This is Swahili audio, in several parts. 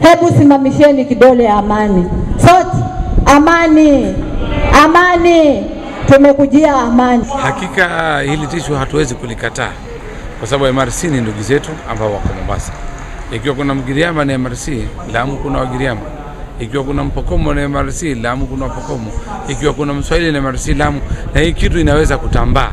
Hebu simamisheni kidole amani, sote amani, amani, tumekujia amani. Hakika ah, hili tishu hatuwezi kulikataa kwa sababu MRC ni ndugu zetu ambao wako Mombasa. Ikiwa kuna Mgiriama na MRC, Lamu kuna Wagiriama. Ikiwa kuna Mpokomo na MRC, Lamu kuna Wapokomo. Ikiwa kuna Mswahili na MRC, Lamu, na hii kitu inaweza kutambaa.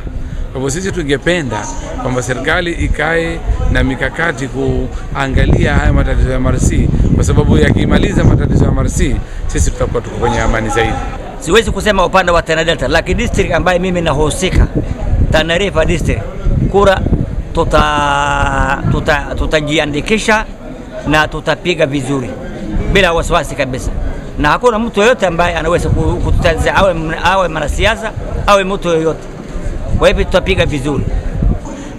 Kwa hivyo sisi tungependa kwamba serikali ikae na mikakati kuangalia haya matatizo ya MRC, kwa sababu yakimaliza matatizo ya MRC sisi tutakuwa tuko kwenye amani zaidi. Siwezi kusema upande wa Tana Delta, lakini district ambaye mimi nahusika, Tana River district, kura tutajiandikisha, tuta, tutajiandikisha na tutapiga vizuri bila wasiwasi kabisa, na hakuna mtu yoyote ambaye anaweza kututatiza, awe, awe mwanasiasa awe mtu yoyote. Kwa hivyo tutapiga vizuri.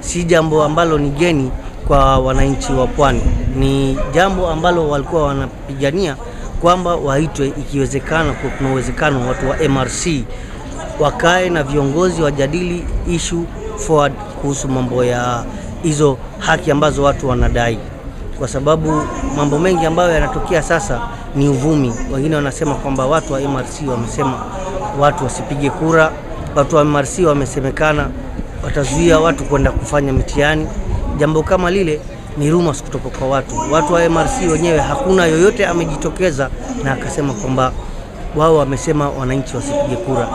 Si jambo ambalo ni geni kwa wananchi wa Pwani, ni jambo ambalo walikuwa wanapigania kwamba waitwe, ikiwezekana, kwa kuna uwezekano watu wa MRC wakae na viongozi wajadili issue forward kuhusu mambo ya hizo haki ambazo watu wanadai, kwa sababu mambo mengi ambayo yanatokea sasa ni uvumi. Wengine wanasema kwamba watu wa MRC wamesema watu wasipige kura watu wa MRC wamesemekana watazuia watu kwenda kufanya mitihani. Jambo kama lile ni rumors kutoka kwa watu. Watu wa MRC wenyewe hakuna yoyote amejitokeza na akasema kwamba wao wamesema wananchi wasipige kura.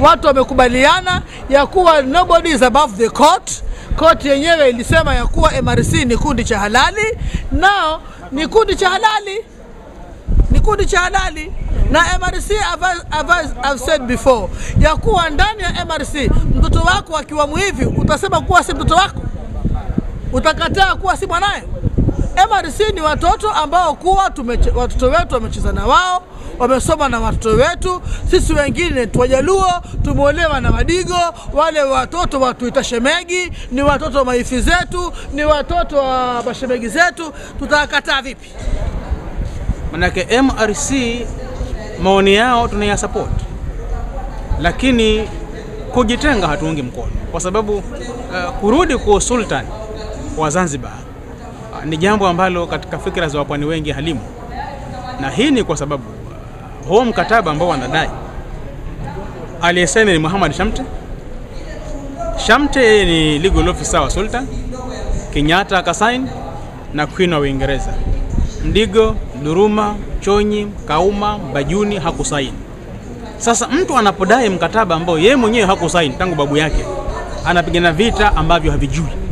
Watu wamekubaliana ya kuwa nobody is above the court. Court yenyewe ilisema ya kuwa MRC ni kundi cha halali, nao ni kundi cha halali ni kundi cha halali na MRC have, said before ya kuwa ndani ya MRC mtoto wako akiwa mwivi utasema kuwa si mtoto wako, utakataa kuwa si mwanaye. MRC ni watoto ambao kuwa tumeche, watoto wetu wamecheza na wao wamesoma na watoto wetu. Sisi wengine tuwajaluo tumeolewa na Wadigo, wale watoto watuita shemegi, ni watoto wa maifi zetu, ni watoto wa mashemegi zetu, tutawakataa vipi? Manake MRC maoni yao tunaya support, lakini kujitenga hatuungi mkono, kwa sababu uh, kurudi kwa sultan wa Zanzibar uh, ni jambo ambalo katika fikra za wapwani wengi halimu, na hii ni kwa sababu uh, huo mkataba ambao wanadai aliyesaini ni Muhammad Shamte. Shamte yeye ni legal officer wa sultan, Kenyatta akasaini na Queen wa Uingereza. Mdigo Nuruma, Chonyi, Kauma, bajuni hakusaini. Sasa mtu anapodai mkataba ambao yeye mwenyewe hakusaini tangu babu yake, anapigana vita ambavyo havijui